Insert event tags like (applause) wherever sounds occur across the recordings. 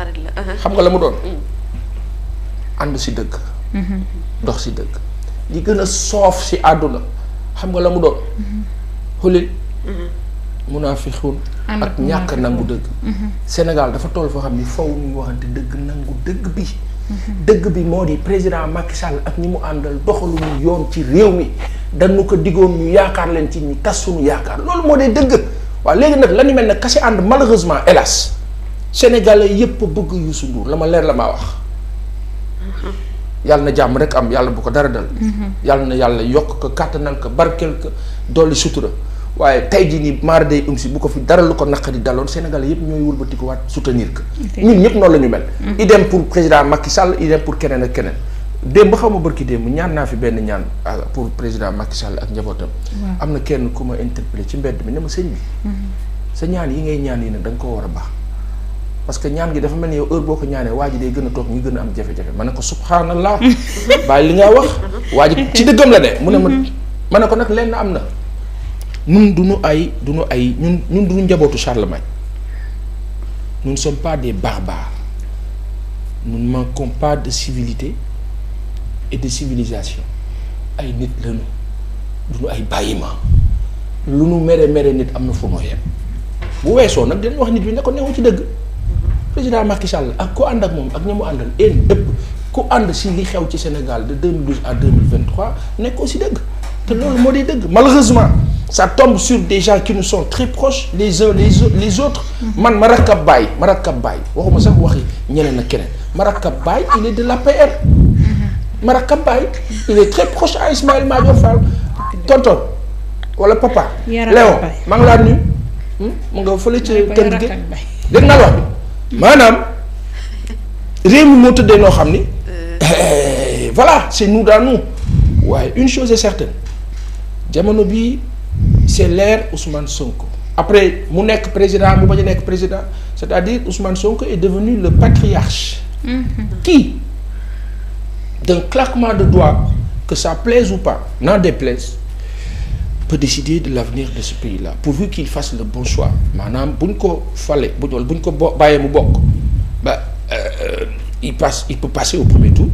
xarit la. Uh-huh. xam nga la mu doon. Mm. ànd si dëgg. Mm-hmm. dox si dëgg. li gën a soof si àdduna xam nga la mu doon. Mm-hmm. xulil. Mm-hmm. munaafiqun ak ñàkk nangu dëgg. Sénégal dafa toll foo xam ni faw ñuy waxante dëgg nangu dëgg bi. dëgg bi moo di président Macky Sall ak ñi mu àndal doxaluñu yoon ci réew mi dañu ko diggoon ñu yaakaar leen ci ñu tas suñu yaakaar loolu moo dee dëgg waaw léegi nag la ñu mel ne kasi ànd malheureusement hélas. sénégalais yépp bëgg Youssou Ndour la ma leer la maa wax yàlla na jàmm rek am yàlla bu ko dara dal yàlla na yàlla yokk ko kàttanal ko barkeel ko dolli sutura waaye tey jii nii maar de um si bu ko fi dara lu ko naqari daloon sénégalais yépp ñooy wëlbatikuwaat soutenir ko ñun ñëpp noonu la ñu mm-hmm. i dem pour président Macky Sall idem pour keneen ak keneen démb xaw ma barki démb ñaan naa fi benn ñaan ah, pour président Macky Sall ak njabootam am na kenn ku ma interpellé ci mbedd mi ne ma sëñ mm-hmm. sa ñaan yi ngay ñaan yi nag da koo war a baax parce que ñaan gi dafa mel ni yow heure boo ko ñaanee waa ji day gën a toog ñu gën a am jafe-jafe ma ne ko subhanallah (laughs) bàyyi li nga wax waa ji ci dëggam la de mu ne ma mhm. ma ne ko nag lenn am na ñun duñu ay duñu ay ñun ñun njabootu Charlemagne nous ne des barbares nous ne manquons pas de civilité et de ay nit lañu duñu ay bàyyima lu nu mere mere nit am na fu noo yem bu weesoo nag dañ wax nit bi ne ko newu ci dëgg président Macky Sall ak ku ànd ak moom ak ña mu àndal een dëpp ku ànd si li xew ci Sénégal de 2012 à 2023 nekkoo aussi dëgg te loolu moo di dëgg malheureusement ça tombe sur des ki qui nous sont très proches les uns les les autres man ma rakkab baay ma rakkab baay waxuma sax waxi ñeneen ak keneen ma rakkab baay il est de l'APR ma rakkab baay il est très proche à Ismaïla Madior Fall tonton wala papa Léon maa ngi laa nuyu hmm? nga fële ca kër maanaam réew mi moo tëddee noo xam ni euh. eh, voilà c'est nous dans nous waaye une chose est certaine jamono bii c'est l'ère Ousmane Sonko après mu nekk président mu bañ a nekk président c'est-à-dire Ousmane Sonko est devenu le patriarche mm-hmm. qui d'un claquement de doigts que ça plaise ou pas n'en déplaise peut décider de l'avenir de ce pays-là pourvu qu'il fasse le bon choix maanaam bu ñu ko fale bu ñu ko bo bàyyee mu bokk ba euh, euh, il passe il peut passer au premier tour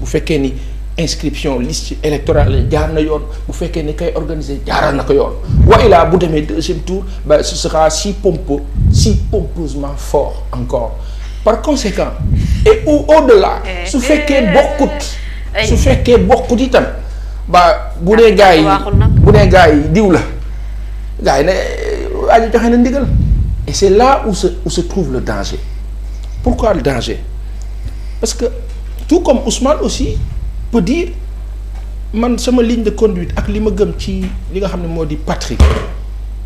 bu fekkee ni inscription liste électorale jaar na yoon bu fekkee ni kay organiser jaaral na ko yoon wa illah bu demee deuxième tour ba ce sera si pompeux si pompeusement fort encore par conséquent et au au-delà eh, su eh, fekkee eh, bokkut su fekkee bokkut itam ba bu ah, dee gars bu nee gars yi diw la gars yi ne waa ji joxe na ndigal et c'est là où se où se trouve le danger pourquoi le danger parce que tout comme Ousmane aussi peut dire man sama ligne de conduite ak li ma gëm ci li nga xam ne moo di patrie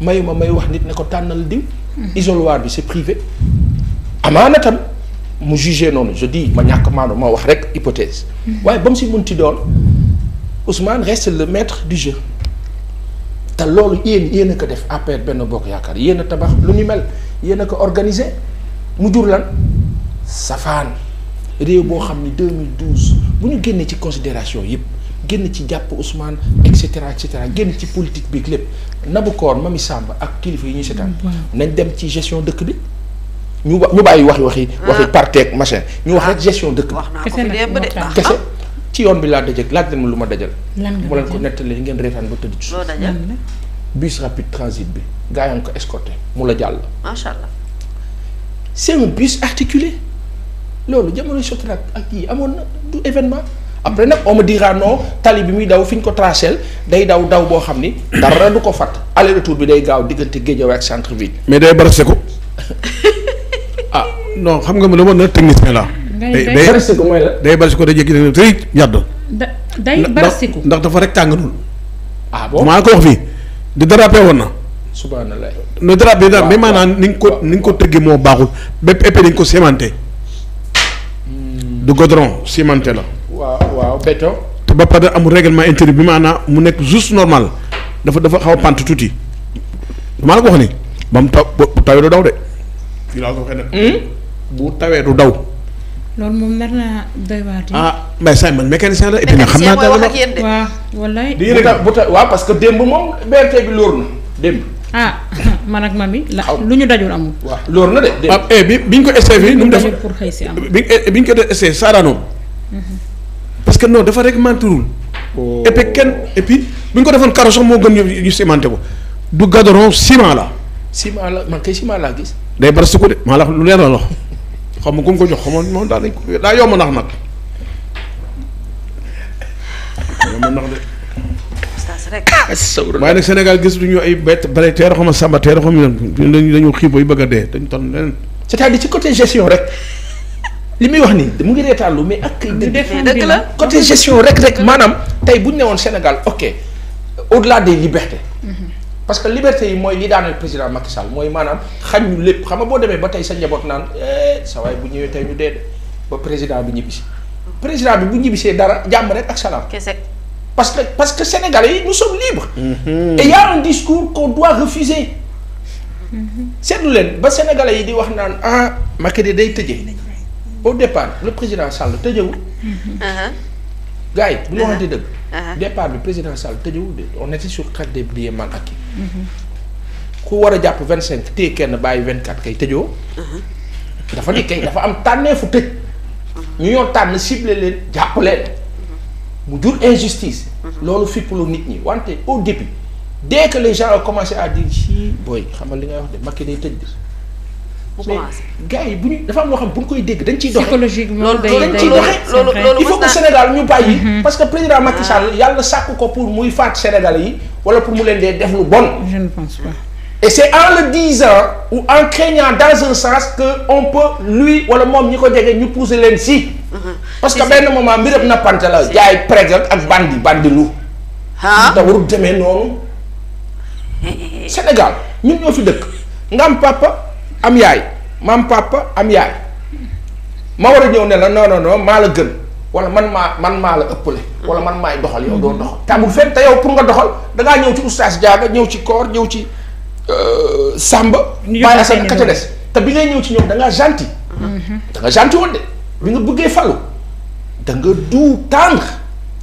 mayuma may wax nit ne ko tànnal diw mhm. isoloir bi c'est privé amaana tam mu jugé noonu je dis ma ñàkk maano moo wax rek hypothèse mhm. waaye ba mu si munti doon Ousmane reste le maître du jeu te loolu yéen yéen a ko def APR benn bokk yaakaar yéen a tabax lu ñu mel yéen a ko organisé mu jur lan safaan réew boo xam ni 2012 bu ñu génnee ci considération yëpp génn ci jàpp Ousmane et cetera et cetera génn ci politique bi lépp Nabou Cor Mamy Samba ak kilifa yi ñu seetaan. Mm, nañ dem ci gestion dëkk bi. ñu ba ñu bàyyi wax waxi. waxi ah. parteek machin ñu wax ah. rek gestion dëkk bi. kese ci yoon bi laa dajale laaj leen ma lu ma dajal. lan leen ko nettalee ngeen reetaan ba tëdd ci suuf. bus rapide transit bi gaa yaa ngi ko escorté mu la jàll. macha allah. c'est un bus articulé loolu jamono Sotrac ak yi amoon na du événement. après nag on me dira tali bi muy daw fi ñu ko tracé day daw daw boo xam ni dara du ko fàtt aller retour bi day gaaw diggante Guédiawaye ak centre ville. mais day barsé ko (laughs) ah non xam nga man dama ne technicien la day day barasiku mooy la day barasiku day jékki ne tëj yàddu. da day barasiku ndax dafa rek tàngalul. ah bon maa ko wax fii na. subhanallah no dérapé daal ni nga ko ni nga ko tëggee moo baaxul bépp épée ko cimenté. Hmm. du godron cimenté la. waaw waaw ba pare amul règlement intérieur bi maanaam mu nekk juste normal dafa dafa xaw pant tuuti. maa ko wax ni ba mu taw tawee du daw de. Hmm? bu tawee du daw. loolu moom nar naa doy waat. ah mais say man mécanicien la et puis xam naa dara la waaw wallaay. bu ta waaw parce que démb moom BRT bi lóor na démb. ah (laughs) man ak mami la lu ñu dajul amul. waa loolu na de ah, eh, bi bi ñu ko essayé fii. nu def pour si amul bi eh, bi ko essayé saaraanoom. Mhm. parce que non dafa réglementé wul. et puis kenn et bu ñu ko defoon carreau sax moo gën ñu ñu cimenté ko du goudron ciment la. ciment la man kay ciment laa gis. day bar su de maa la lu leer la loxo. xam nga ko mu ko jox xam nga moom daal dañ ko daa yomb ndax nag. yomb ndax de. oustaz rek. Ah, waaye nag Sénégal gis duñu ay bett bale teer xam nga sàmba teer xam nga dañu xiif ba yu bëgg a dee dañu toll leneen. c'est-à-dire ci côté gestion rek. li muy wax nii mu ngi reetaalu mais ak. dëgg la côté gestion rek rek maanaam tey bu ñu ne woon Sénégal ok au-delà des libertés. Mhm. parce que liberté yi mooy li daaneel président Macky Sall mooy maanaam xañ ñu lépp xam nga boo demee ba tey sa njaboot naan eh, sa waay bu ñëwee tey ñu dee de ba président bi ñibbisi président bi bu ñibbisee dara jàmm rek ak salaam. kese parce que parce que sénégalais yi nous sommes libres. Mmh. et y a un discours qu'on doit refuser. Mm-hmm. seetlu leen ba sénégalais yi di wax naan ah Macky de day tëjee au départ le président Sall tëjewul. Mm-hmm. Uh-huh. gars yi bu ñu waxante dëgg. Uh-huh. départ bi président Sall de on sur crack des billets mal acquis. Mm-hmm. ku war a jàpp vingt cinq t kenn bàyyi vingt quatre kay tëjoo. Uh-huh. dafa ni dafa am tànneefu tëj. Uh-huh. ñu ñoo tànn ciblé leen jàpp leen. mu jur injustice. loolu fippalu nit ñi wante au début dès que les gens ont commencé à dire si booy xamal li ngay wax de Macky day tëj de. bu bu ñu dafa am loo xam bu ñu koy dégg dañ ciy doxe psychologiquement dañ ciy doxe loolu il faut que Sénégal ñu bàyyi mm-hmm. parce que président Macky ah. Sall yàlla sàkk ko pour muy faat Sénégal yi wala pour mu leen dee def lu bon je et c'est en le disant ou en dans un sens que on peut lui wala moom ñi ko jege ñu pousser leen si mm-hmm. parce que benn moment mbirab nappante la jaay prégal ak bandi bandi lu ah. te warul demee noonu (laughs) Sénégal ñun ñoo fi dëkk nga am papa am yaay maam papa am yaay ma war a ñëw ne la non non non maa la gën wala man maa man maa la ëppale. wala man maay doxal yow doo doxal. te amul fenn te yow pour nga doxal da ngaa ñëw ci oustaz Diaga ñëw ci koor ñëw ci euh, Samba. Baye Assane ka ca des te bi ngay ñëw ci ñoom da ngaa gentil. Mm-hmm. da woon de bi nga bëggee falu da nga du tendre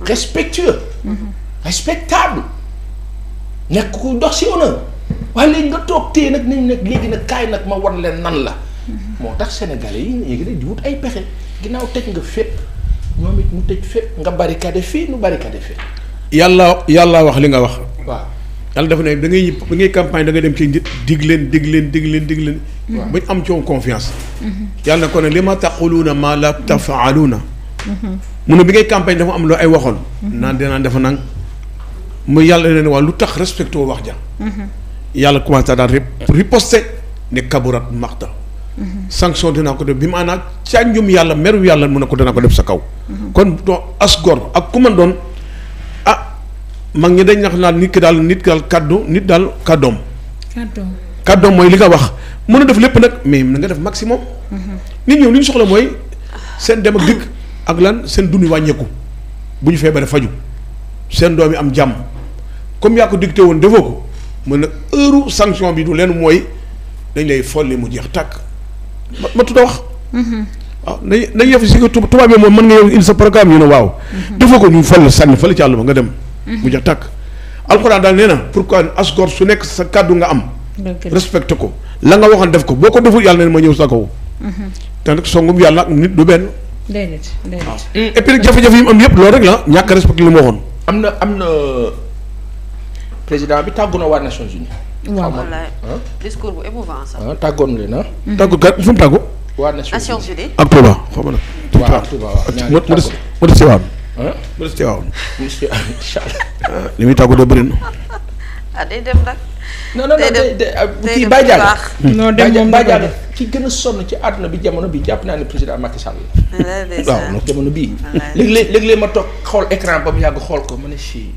respectueux. Mm-hmm. respectable nekk ku ndox si honneur. waaye léegi nga toog téye nag nañ nag léegi nag kaay nag ma wan leen nan la moo tax sénégalais yi léegi nag di wut ay pexe ginnaaw tëj nga fépp ñoom it mu tëj fépp nga barricade fii nu barricade fii yàlla yàlla wax li nga wax waaw yàlla dafa ne da ngay da ngay campagne da ngay dem ci nit dig leen dig leen dig leen leen bañ am coon confiance mhm. yàlla na ko ne li ma taquluuna ma la tafaaluuna mhm. mu ne bi ngay campagne dafa am loo ay waxoon mhm. naan dinaan dafa nang mu yàlla ne waa lu tax respecté wax ja yàlla commencé daal riposté ne kaburat maxta sanction dinaa ko def bi maanaam cànjum yàlla meru yàlla mun a ko dinaa ko def sa kaw kon to as ak ku man doon ah mag ñi dañ nax naan nit ki daal nit ki daal kaddu nit daal kàddoom kàddoom mooy li ko wax mën a def lépp nag mais na nga def maximum nit ñëw li ñu soxla mooy seen dem ak dikk ak lan seen dund wàññeeku bu ñu feebaree faju seen doom yi am jàmm comme yaa ko dicté woon defoo ko mën na heure sanction bi du leen mooy dañ lay folli mu jeex tàkk ma ma tudd wax. waaw nañu na def si que tubaab yi moom mën nga yow indi sa programme ñu ne waaw. dafa ko ñu fal sànni fële ci àll ba nga dem. mu jeex tàkk. alxuraan daal nee na pourquoi as gor su nekk sa kàddu nga am. respecté ko la nga waxoon def ko boo ko deful yàlla ne ma ñëw sa kaw. te nag songum yàlla ak nit du benn. déedéet déedéet waaw et puis nag jafe-jafe yi mu am yëpp loolu rek la ñàkk respecté li mu waxoon. na am na. président bi tàggu na waa Nations Unies. waaw wallaay discours bu émouvant sax. tàggoon leen ah. tàggu kat fu mu tàggu. waa Nations Unies ak Touba xaw ma nag. waaw waaw (laughs) li muy tàggu doo bëri na. (laughs) ah day dem nag. non non day kii Baye Diagne non dem hmm. moom Baye Diagne ki gën a sonn ci àdduna bi jamono bi jàpp naa ne président Macky Sall la. waaw jamono bii. léeg-léeg léeg-léeg ma toog xool écran ba mu yàgg xool ko ma si.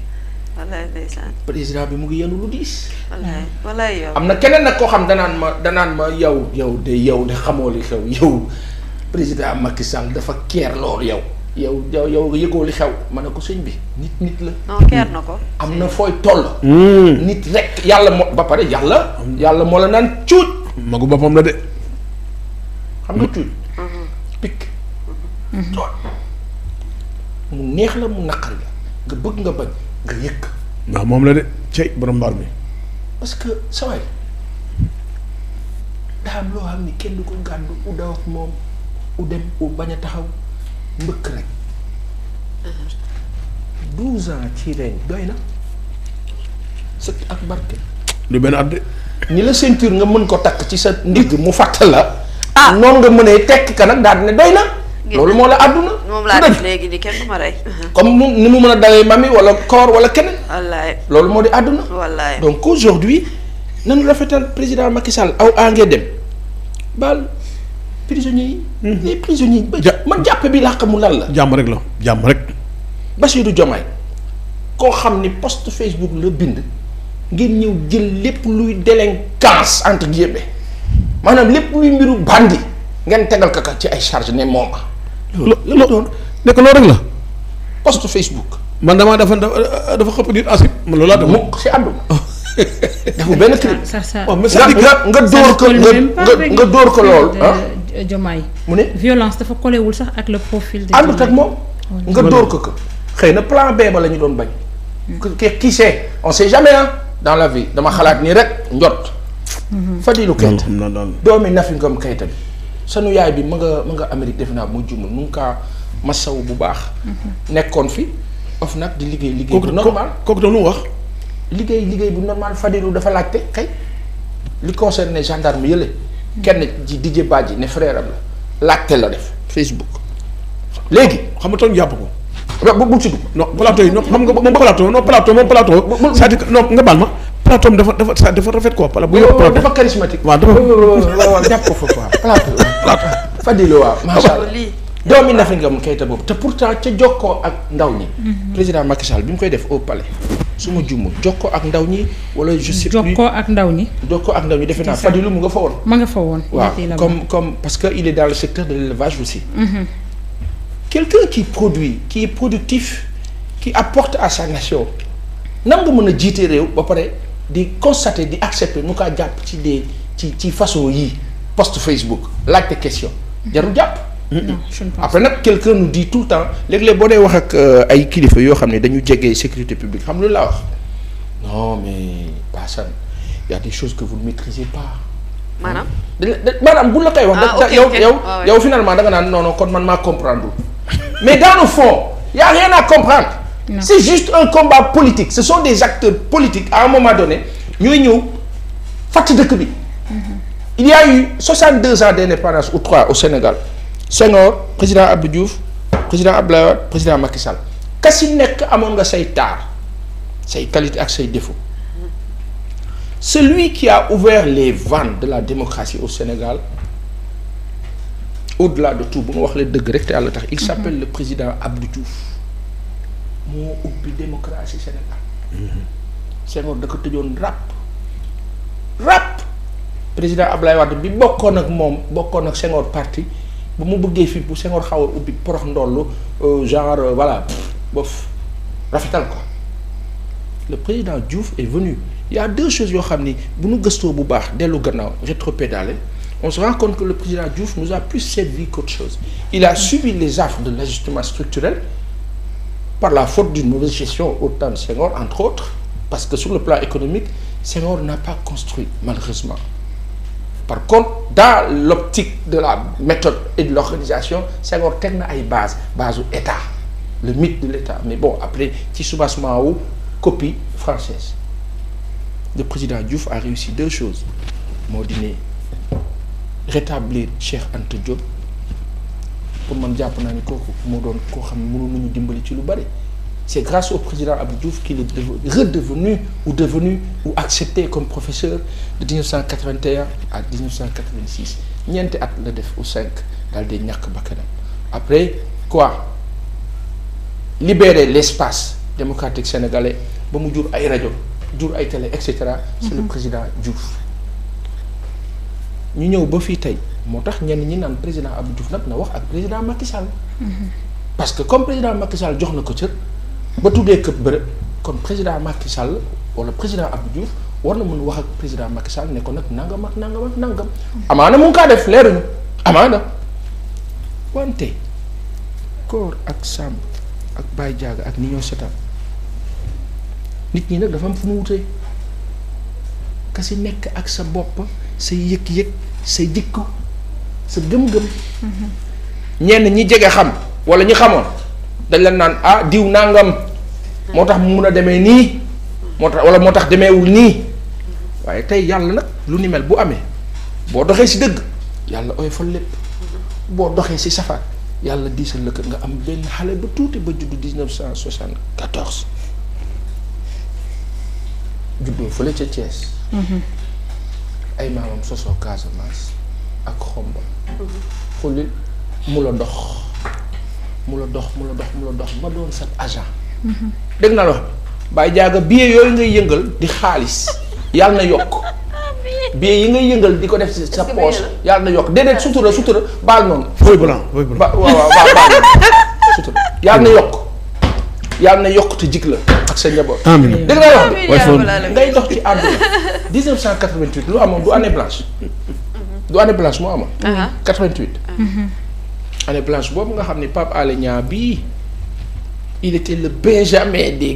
wallaay président bi mu ngi yenu lu diis. am na keneen nag koo xam danaan ma danaan ma yow yow de yow de xamoo li xew yow président Macky dafa keer loolu yow. yow yow yow yëgoo li xew ma ne ko sëñ bi nit nit la. na ko. am na fooy toll. Hmm. nit rek yàlla moo ba pare yàlla. yàlla moo la naan cuuj. magu boppam la de. xam nga cuuj. Mhm. pikk. Mhm. mu neex la mu naqar la nga bëgg nga bañ. nga yëg. ndax moom la de cey borom mbaar mi. parce que sa waay daa loo xam ni kenn du ko gàddu u daw ak moom u dem u bañ a taxaw mbëkk rek. 12 ans ci ren doy na sëkk ak barke. lu benn at de. ni la ceinture nga mën ko takk ci sa ndigg mu fàttal la. ah noonu nga mënee tekk ka nag daal ne doy na. loolu moo la àdduna. moom laa def léegi ni kenn ma rey. (laughs) comme mu ni mu mën a dalee mami wala koor wala keneen. wallaay loolu moo di àdduna. wallaay donc aujourd'hui nañu rafetal président Macky Sall aw àngee dem baal prisonniers yi. Mhm. les prisonniers yi. man jàpp bi laa xamul lan la. jàmm rek la jàmm rek. Bassirou Diomaye koo xam ni post Facebook la bind ngeen ñëw jël lépp luy délinquance entre guillemets maanaam lépp luy mbiru bandi ngeen tegal kaka ci ay charge ne moom loolu nekk loolu rek la. post Facebook. man damaa dafa dafa xëpp nit asib. man loolu laa def mukk si ànduma. dafa benn crime. sa (laughs) sa oh, nga dóor ko nga dóor ko lool jomaay ah. euh, mu ne violence dafa kolewul sax ak le profil. de àndut ak moom nga door ko ko. xëy na plan B ba la ñu doon bañ. qui sait on sait jamais dans la vie dama xalaat nii rek njot. Mhm. Fadilou Keita doomi Nafi Ngom Keita bi sanu yaay bi ma nga ma nga Amérique def naa mu jumul nu nga ma masawu bu baax. nekkoon fi of nag di liggéey liggéey. bu normal kooku lu wax. liggéey liggéey bu normal Fadilou dafa laajte kay li concerne gendarme yële. kenn ci Didier Badji ne frère am la laajte la def Facebook. léegi xam nga toog jàpp ko. bu bu ci dugg. non plateau yi non xam nga moom plateau non plateau moom plateau. c'est-à-dire non nga baal ma. plateau dafa dafa dafa rafet quoi. bu yóbbu plateau dafa dafa jàpp Fadilou waaw macha allah doomi nafi nga mu kayita boobu te pourtant ca jokkoo ak ndaw ñi. Mhm. président Macky bi mu koy def au palais su ma juumul jokkoo ak ndaw ñi wala je sais plus jokkoo ak ndaw ñi. jokkoo ak ndaw ñi defe naa Fadilou mu nga fa woon. ma nga fa woon. waaw comme comme parce que il est dans le secteur de l'élevage aussi. Mhm. quelqu'un qui produit qui est productif qui apporte à sa nation nan nga mën a jiite réew ba pare di constater di accepter ñu kaa jàpp post Facebook laajte question jarul jàpp. après nag quelqu'un nous dit tout le temps léeg-léeg boo dee wax ak euh, ay kilifa yoo xam ne dañu jege sécurité publique xam lu laa wax non mais Passane y a des choses que vous ne maîtrisez pas. maanaam. bu la koy wax. ah yow yow ah, yow finalement da naan non non kon man maa comprendre (laughs) mais dans le fond y rien à comprendre. c'est juste un combat politique ce sont des acteurs politiques à un moment donné ñooy ñëw fàtt dëkk bi. il y a eu 62 ans d'indépendance ou trois au Sénégal Senghor président Abdou Diouf président Abdoulaye président Macky Sall ka nekk amoon nga say taar say qualités ak say défauts celui qui a ouvert les vannes de la démocratie au Sénégal au-delà de tout bu ma wax lee dëgg rek te yàlla tax il s'appelle le président Abdou moo ubbi démocratie Sénégal mm-hmm. Senghor da ko tëjoon ràpp ràpp président Ablaye Wade bi bokkoon ak moom bokkoon ak Senghor parti ba mu bëggee fii bu Senghor xaw a ubbi porox ndollu euh, genre euh, voilà bof rafetal ko le président Diouf est venu il deux choses yoo xam ni bu nu gëstoo bu baax dellu gannaaw rétropédalé on se rend compte que le président Diouf nous a plus servi qu'autre chose il a subi les affres de l'ajustement structurel par la faute d'une mauvaise gestion au temps de Senghor entre autres parce que sur le plan économique Senghor n'a pas construit malheureusement par contre dans l'optique de la méthode et de l'organisation Senghor teg na ay base base u état le mythe de l'état mais bon après ci soubassement wu copie française le président Diouf a réussi deux choses moo di ne rétablir Cheikh Anta Diop pour man jàpp naa ni kooku moo doon koo xam ne mënu nañu dimbali ci lu bari C'est grâce au président Abdou Diouf qu'il est redevenu ou devenu ou accepté comme professeur de 1981 à 1986 ñeenti at la def ou cinq daal di ñàkk bakkanam après quoi libérer l'espace démocratique sénégalais ba mu jur ay rajo jur ay tele et cetera. c'est le mhm. président Diouf. ñu ñëw ba fii tey moo tax ñenn ñi naan président abu juuf nag na wax ak président Macky Sall. Mhm. parce que comme président Macky Sall jox na ko cër. ba tuddee këpp bërëb kon président Macky Sall wala président Abdou Diouf war na mën wax ak président Macky Sall ne ko nag nangam ak nangam ak nangam. amaana mu ngi kaa def leeruñu amaana wante koor ak Samb ak Baye Diaga ak ni ñoo setaan nit ñi nag dafa am fu mu wutee ka si nekk ak sa bopp sa yëg-yëg sa jikko sa gëm-gëm. Mm-hmm. ñenn ñi jege xam wala ñi xamoon. dañ la naan ah diw nangam moo tax mu mun a demee nii moo tax wala moo tax demeewul nii waaye tey yàlla nag lu ni mel bu amee boo doxee si dëgg yàlla oyofal lépp boo doxee si safaan yàlla diisal la nga am benn xale ba tuuti ba juddu 1974 juddoo fële ca Thiès. Mhm. ay maamam sosoo Casamance ak xombal mhm. xulil mu la dox. mu la dox mu la dox mu la dox ba doon sab agent. Mhm. dégg naa la wax bàyyi jaaga billet yooyu ngay yëngal di xaalis yal na yokk. billet yi ngay yëngal di ko def si sa poche yàlla na yokk déedéet sutura sutura baal noonu. booy blanc booy blanc ba waaw waaw baal sutura yàlla na yokk. yàlla na yokk te jig la ak sa njaboot. amiin dégg naa wax ngay dox ci àdduna 1988 lu amoon du année blanche. Mhm. année blanche boobu nga xam ni Pape Alé Niang il était le benjamin des